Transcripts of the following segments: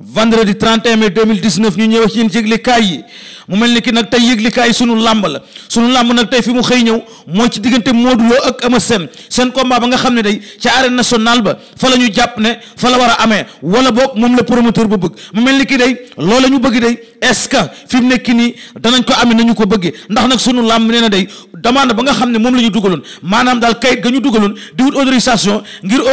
vendredi 31 mai 2019 ñu ñëw ci yéen ci yëglikaay yi mu mel ni ki nag tey yëglikaay sunu làmb la sunu làmb nag tey fi mu xëy ñëw mooy ci diggante Modou Lo ak Ama Sène seen combat ba nga xam ne day ca arène national ba fa la ñu jàpp ne fa la war a amee wala boog moom la promoteur ba bëgg mu mel ni ki day loola ñu bëgg day est-ce que fi mu nekk nii danañ ko amee nañu ko bëggee ndax nag sunu làmb nee na day demande ba nga xam ne moom la ñu dugaloon maanaam daal kayit ga ñu dugaloon di wut autorisation ngir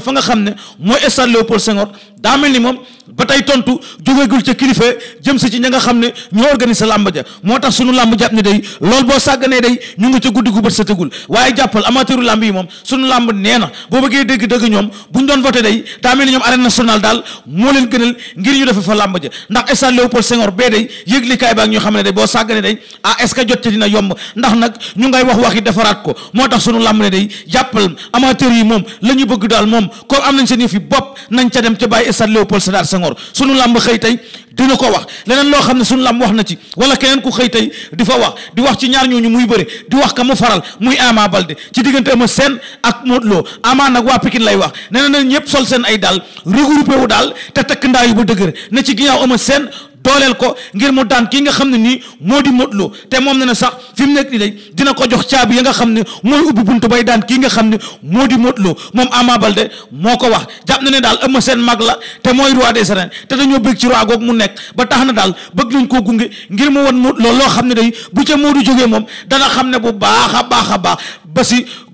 fa nga xam ne mooy stade Léopold Senghor daa mel ni moom ba tey tontu jógeegul ca kilifa jëm si ci ña nga xam ne ñoo organiser làmb ja moo tax suñu làmb jàpp ne day loolu boo sàgganee day ñu ngi ca guddi gu bët waaye jàppal amateuru làmb yi moom sunu làmb nee na boo bëggee dégg-dëgg ñoom bu ñu doon voté day daa mel ni ñoom arène nationale daal moo leen gënal ngir ñu defe fa làmb ja ndax stade Léopold Senghor bee day yëglikaay baa ñoo boo sàgganee day ah est-ce que jot ca dina ndax nag ñu ngay wax waxi defaraat ko moo tax sunu làmb ne day jàppal amateur yi moom la ñu bëgg daal moom comme am nañ seen yëf yi bopp nañ ca dem ca bàyyi stade Léopold Sédar Senghor sunu làmb xëy tey dina ko wax leneen loo xam ne sunu làmb wax na ci wala keneen ku xëy tey di fa wax di wax ci ñaar ñooñu muy bëre di wax ka mu faral muy Ama Baldé ci diggante Eumeu Sène ak Modou Lo Ama nag waa Pikine lay wax nee na ñëpp sol seen ay daal regroupé wu daal te takk ndaa yu ba dëgër ne ci ginnaaw Eumeu Sène dooleel ko ngir mu daan kii nga xam ne nii moo di motloo te moom ne na sax fi mu nekk nii day dina ko jox caabi ya nga xam ne mooy ubbi buntu bay daan kii nga xam ne moo di Modou Lo moom Ama Baldé moo ko wax jàpp na ne daal Eumeu Sène mag la te mooy roi des te dañoo bëgg ci roi googu ba tax na daal bëgg koo gunge ngir mu wan Modou Lo loo xam ne day bu ca Modou jógee moom dana xam ne bu baax a baax a baax ba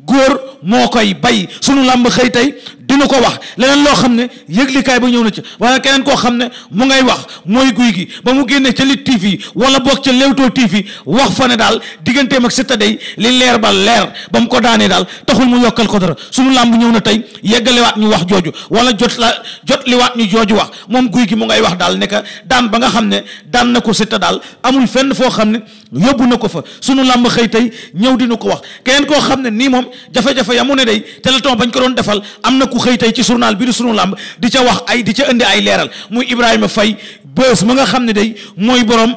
góor moo koy bay sunu làmb xëy tey dina ko wax leneen loo xam ne yëglikaay ba ñëw na ci waaye keneen koo xam ne mu ngay wax mooy guy gi ba mu génnee ca lit TV wala boog ca Leewtoo TV wax fa ne daal digganteem ak Siteu day li leer ba leer ba mu ko daanee daal taxul mu yokkal ko dara suñu làmb ñëw na tey yeggaliwaat ñu wax jooju wala jot la jot liwaat ñu jooju wax moom guy gi mu ngay wax daal ne ka daan ba nga xam ne daan na ko Siteu daal amul fenn foo xam ne yóbbu na ko fa sunu làmb xëy tey ñëw dina ko wax keneen koo xam ne nii moom jafe ya mu ne xëy tey ci bi di sunu làmb di ca wax ay di ca indi ay leeral muy Ibrahima Faye bés ma nga xam ne day mooy borom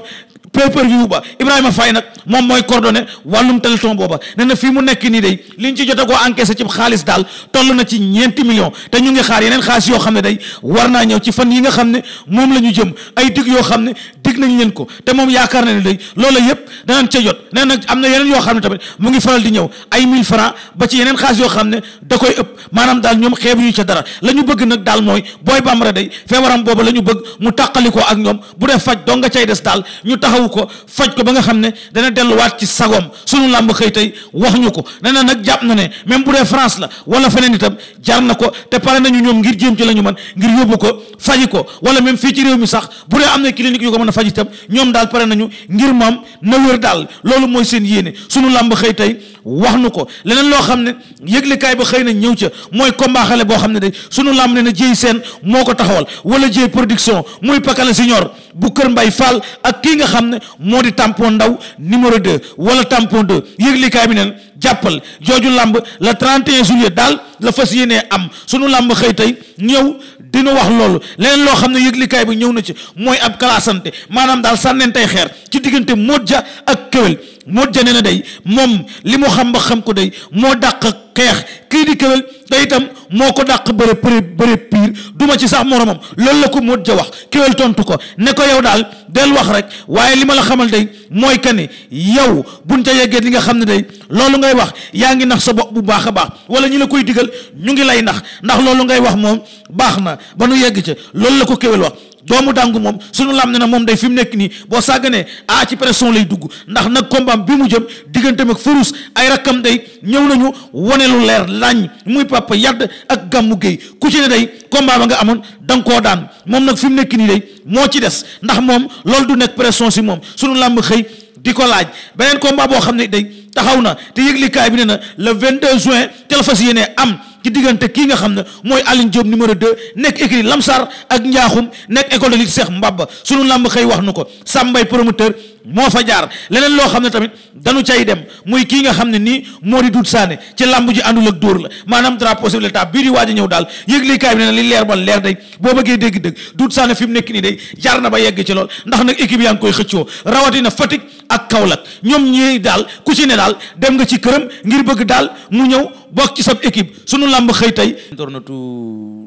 pay-per-view ba Ibrahima Faye nag moom mooy coordonné wàllum téléthon booba nee na fii mu nekk nii day liñ ci jot a koo encaissé xaalis daal toll na ci ñeenti million te ñu ngi xaar yeneen xaalis yoo xam ne day war naa ñëw ci fan yi nga xam ne moom la ñu jëm ay dig yoo xam ne digg nañ leen ko te moom yaakaar na ne day loola yëpp danañ ca jot nee na am na yeneen yoo xam ne tamit mu ngi faral di ñëw ay 1000 francs ba ci yeneen xaalis yoo xam ne da koy ëpp maanaam daal ñoom xeebu ñu ca dara la ñu bëgg nag daal mooy booy bambara day feebaram boobu la ñu bëgg mu tàqalikoo ak ñoom bu dee faj dong nga cay des daal ñu taxawu ko faj ko ba nga xam ne dana delluwaat ci sagoom sunu làmb xëy tey wax ñu ko nee na nag na ne même bu dee France la wala feneen itam jar na ko te pare nañu ñoom ngir jéem ci la ñu mën ngir yóbbu ko faji ko wala fii ci réew mi sax bu dee am na clinique yu ko mën a ñoom daal pare nañu ngir moom na wér daal loolu mooy seen yéene sunu làmb tey wax nu ko leneen loo xam ne yëglekaay ba xëy na ñëw ca mooy combat xale boo xam ne de sunu làmb ne na jéy seen moo ko taxawal wala jéy production muy pakale senior bu kër mbay fall ak kii nga xam ne moo di tampon ndaw numéro 2 wala tampon 2 yëglikaay bi neen jàppal jooju làmb le 31 juillet daal la fas yéenee am sunu làmb xëy tey ñëw dina wax loolu leneen loo xam ne yëglikaay bi ñëw na ci mooy ab kalaasante maanaam daal sànneen tey xeer ci diggante Modja ak Kewel Modja nee na day moom li mu xam xam ko day moo dàq xeex kii di Kewel te itam moo ko dàq bëre bëre bëre piir duma ci sax moromam loolu la ko ja wax Kewel tontu ko ne ko yow daal del wax rek waaye li ma la xamal day mooy kani yow buñ ca yeggee li nga xam ne day loolu ngay wax yaa ngi nax sa bopp bu baax a baax wala ñu la koy digal kéwél ñu ngi lay nax ndax loolu ngay wax moom baax na ba nu yegg ca loolu la ko kéwél wax doomu dàngu moom su lam ne na moom day fi mu nekk nii boo sàgganee ah ci pression lay dugg ndax nag combat bi mu jëm digganteem ak Farouz ay rakkam day ñëw nañu wane lu leer lañ muy papa yadd ak gàmmu géey ku ci day combat ba nga amoon da koo daan moom nag fi mu nekk nii moo ci des ndax moom loolu du nekk pression si moom suñu làmb xëy di ko laaj beneen combat boo xam ne day taxaw na te yëglikaay bi ne na le 22 juin te la fas am ci diggante kii nga xam ne mooy Aline Diop numéro de nekk écrit Lamsar ak Njaaxum nekk école de lutte Cheikh Mbaba sunu làmb xëy wax nu ko Sambay promoteur moo fa jaar leneen loo xam ne tamit danu cay dem muy kii nga xam ne nii moo di dut saane ci làmb ji àndul ak dóor la maanaam drapeau chef de bii di waaj ñëw daal yëglikaay bi ne na li leer ba leer day boo bëggee dégg-dëgg dut saane fi mu nekk nii day jaar na ba yegg lool ndax nag équipe yaa ngi koy xëccoo rawatina Fatick. ak Kaolack ñoom ñii daal ku ci ne daal dem nga ci këram ngir bëgg daal mu ñëw bokk ci sab équipe sunu làmb xëy tey. internetu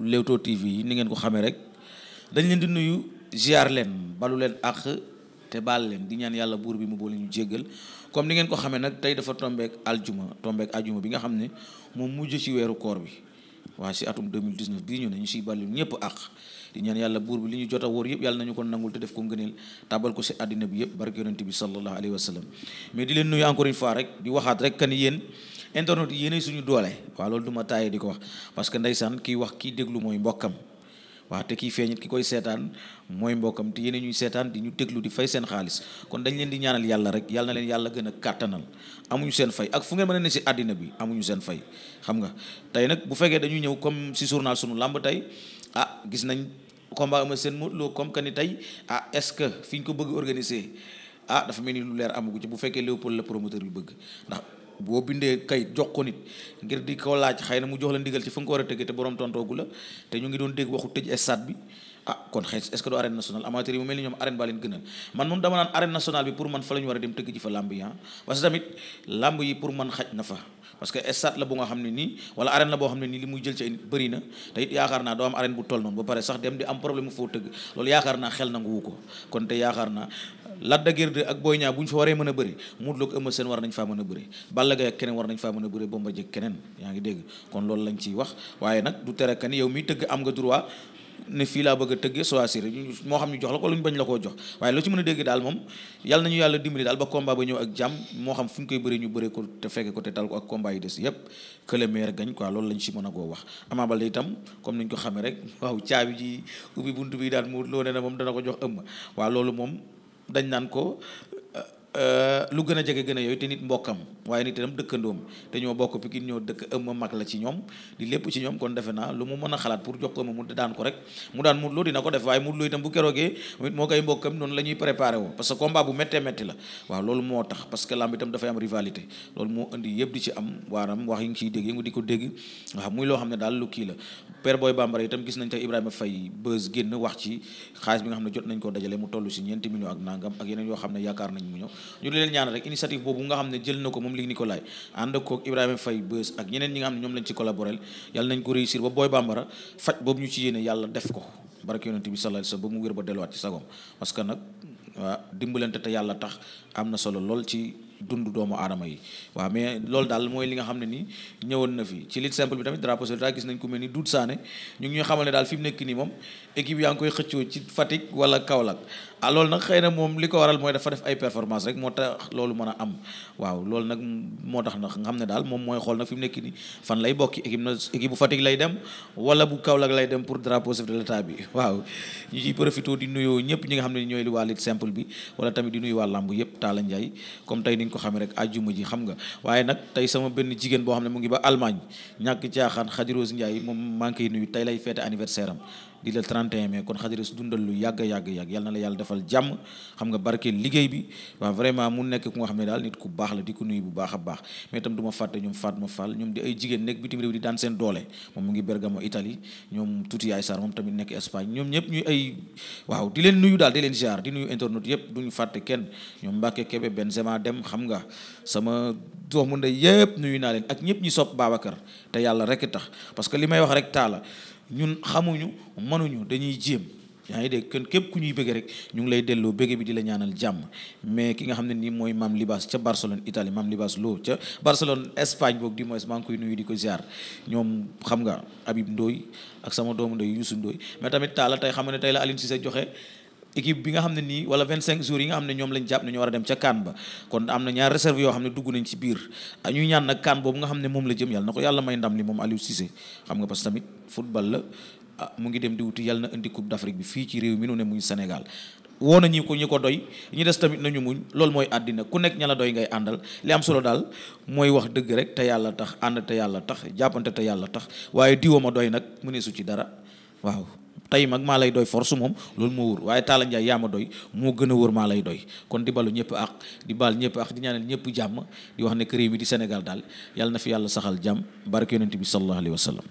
Leewtoo TV ni ngeen ko xamee rek dañ leen di nuyu ziar leen balu leen ak te baal leen di ñaan yàlla buur bi mu boole ñu jéggal comme ni ngeen ko xamee nag tey dafa tombeek aljuma tombeek aljuma bi nga xam ne moom mujj ci weeru koor bi. waaye si atum 2019 bii ñu ne ñu siy bàllu ñëpp àq di ñaan yàlla buur bi li ñu jot a wóor yëpp yàlla nañu ko nangul te def ko ngëneel tàbbal ko si àddina bi yëpp barke yonente bi sallallahu alayhi wa mais di leen nuyu encore une fois rek di waxaat rek kan yéen internet yi suñu doole waaw loolu du taaye di ko wax parce que ndeysaan kiy wax kiy déglu mooy mbokkam waa te kii fee feeñit ki koy seetaan mooy mbokkam te yéen ñuy seetaan di ñu déglu di fay seen xaalis kon dañ leen di ñaanal yàlla rek yàlla na leen yàlla gën a kàttanal amuñu seen fay ak fu ngeen mën a ne si àddina bi amuñu seen fay xam nga tey nag bu fekkee dañuy ñëw comme si journal sunu làmb tey ah gis nañ combat Eumeu Sène Modou Lo comme que ni tey ah est-ce que fi ñu ko bëgg organiser ah dafa mel ni lu leer amugu ci bu fekkee Léopold la promoteur bi bëgg ndax boo bindee kayit jox ko nit ngir di ko laaj xëy na mu jox la ndigal ci fa nga ko war a tëggee te borom tontoogu la te ñu ngi doon dégg waxu tëj stade bi ah kon xëy est bi a dem tëgg ji fa ah. làmb yi pour man xaj na fa parce que stade la bu nga xam ne nii wala arène la boo xam ne nii li muy jël ci ay nit bëri na te it yaakaar naa doo am arène bu toll noonu ba sax dem di am problème foo tëgg loolu yaakaar naa xel nanguwu ko kon te yaakaar naa Lac de Guiers 2 ak Boy Niang bu ñu fa waree mën a bëri Modou Lo ak Eumeu Sène war nañ faa mën a bëri Balla Gaye ak keneen war nañ faa mën a bëri Bombardier keneen yaa ngi dégg kon loolu lañ ciy wax waaye nag du am nga droit ne laa bëgg a tëggee moo xam ñu jox la ko lu ñu bañ la koo ci mën a dégg daal moom yàlla nañu yàlla dimbali daal ba combat ba ñëw ak jàmm moo xam fu ñu koy bëree ñu bëree ko te fekke ko ko ak combat a koo wax Ama Baldé itam comme niñ ko xamee rek waaw caabi ji ubbi buntu bi daal mu loo ne moom dana ko jox ëmb waaw loolu moom dañ naan ko lu gën a jege gën a yooyu te nit mbokkam waaye nit itam dëkkandoom te ñoo bokk Pikine ñoo dëkk ëmma mag la ci ñoom di lépp ci ñoom kon defe naa lu mu mën a xalaat pour jox ko daan ko rek mu daan Modou Lo ko def waaye Modou Lo itam bu keroogee nit la ñuy préparé woo parce que combat bu méttee métti la waaw loolu moo tax parce que lamb itam dafay am rivalité loolu moo indi yëpp di ci am waaram wax yi nga ciy dégg yi nga di ko dégg waaw muy loo xam ne daal lu kii la Père Boy Bambara itam gis nañ tax Ibrahima Faye bës génn wax ci xaalis bi nga xam ne jot nañ ko dajale mu toll si ñeenti millions ak nangam ak yoo xam ne yaakaar nañ mu ñu di leen ñaan rek initiative boobu nga xam ne jël na ko moom Luc Nicolaï ànd kook Ibrahima Faye Beuz ak ñeneen ñi nga xam ne ko réussir ba booy bambara faj boobu ñu ci yéene yàlla def ko barke yonent bi sallallahu alayhi wasallam ba mu wér que nag waa te yàlla tax am na solo lool ci dund doomu aadama yi waaw mais loolu daal mooy li nga xam ne nii ñëwoon na fi ci lit simple bi tamit drapeau soldat gis nañ ngi xamal ne daal fi mu nekk nii moom équipe yaa ngi koy xëccoo ci Fatick wala Kaolack ah nag xëy na moom li ko waral mooy dafa def ay performance rek moo tax loolu mën a am waaw loolu nag moo tax na nga xam ne daal moom mooy xool nag fi mu nekk nii fan lay bokki équipe na équipe bu Fatick lay dem wala bu Kaolack lay dem pour drapeau chef de bi waaw ñu ciy profité di nuyoo ñëpp ñi nga xam ne ñooy waa lutte simple bi wala tamit di nuyu waa làmb yëpp Talla Ndiaye comme tey ni nga ko xamee rek àjjuma ji xam nga waaye nag tey sama benn jigéen boo xam ne mu ngi ba Allemagne ñàkk caaxaan Khady Rose Ndiaye moom maa ngi koy nuyu tey lay feete anniversaire am di le 31 mai kon xadiris dundal lu yàgg yàgg yàgg yàlla na la yàlla defal jàmm xam nga barkeel liggéey bi waaw vraiment mu nekk ku nga xam ne daal nit ku baax la di ko nuyu bu baax a baax mais itam du ma fàtte ñoom Fatma Fall ñoom di ay jigéen nekk bitim réew di daan seen doole moom mu ngi Bergamo Italie ñoom tuuti yaay Sarr moom tamit nekk Espagne ñoom ñëpp ñuy ay waaw di leen nuyu daal di leen ziar di nuyu internautes yëpp duñu fàtte kenn ñoom Mbacke Kébé Benzema dem xam nga sama doomu ndey yëpp nuyu naa leen ak ñëpp ñi sopp Babacar te yàlla rek tax parce que li may wax rek ñun xamuñu mënuñu dañuy jéem yaa ngi dégg kon képp ku ñuy bëgg rek ñu ngi lay delloo bëgg bi di la ñaanal jàmm mais ki nga xam ne nii mooy Mame Libasse ca Barcelone Italie Mame Libasse Lo ca Barcelone Espagne boog di moins maa ngi koy nuyu di ko ziar ñoom xam nga Habib Ndoye ak sama doomu ndoy Youssou Ndoye mais tamit taala tey xam nga ne tey la Aline sa joxe équipe bi nga xam ne nii wala vingt cinq jours yi nga xam ne ñoom lañ jàpp ne ñu war a dem ca kaan ba kon am na ñaar réserve yoo xam ne dugg nañ ci biir ah, ñuy ñaan nag kaan boobu nga xam ne moom la jëm yàlla na ko yàlla may ndam li moom Aliou Cissé xam nga parce que tamit football la ah, mu ngi dem di wuti yàlla na indi coupe d'Afrique bi fii ci réew mi nu ne muy Sénégal woo na ñi ko ñi ko doy ñi des tamit nañu muñ loolu mooy àddina ku nekk ña la doy ngay àndal li am solo daal mooy wax dëgg rek te yàlla tax ànd te yàlla tax jàppante te yàlla tax waaye diwoo ma doy nag mu ne su ci dara tey mag maa lay doy force moom loolu moo wóor waaye Talla Ndiaye doy moo gën a wóor maa lay doy kon di balu ñëpp ak di baal ñëpp ak di ñaanal ñëpp jàmm di wax ne réew mi di senegal daal yàlla na fi yàlla saxal jàmm barke yonent bi sallallahu alayhi wa sallam